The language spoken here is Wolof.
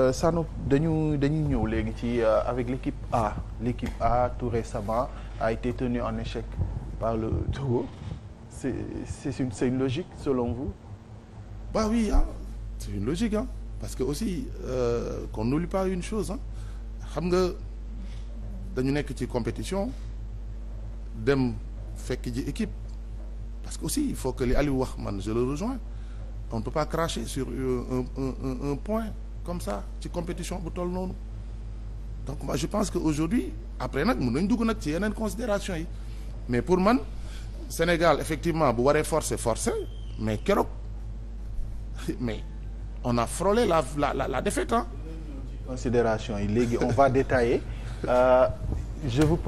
Euh, Sanoub dañu dañuy ñëw léegi ci euh, avec l'équipe A l'équipe A tout récemment a été tenue en échec par le Togo c'est c'est une c'est une logique selon vous bah oui ah c'est une logique ah parce que aussi euh, qu'on n'oublie pas une chose ah xam nga dañu nekk ci compétition dem fekk ji équipe parce que aussi il faut que li Aliou wax man je le rejoins on ne peut pas cracher sur euh, un, un point comme ça ci compétition bu toll noonu donc moi je pense que aujourd'hui aprè nag mën nañ dugg nag ci yeneen considération yi mais pour man Sénégal effectivement bu waree forcer forcer mais keroog mais on a frole la la la, la défaite ah. considération yi léegi on va détailler euh, je vous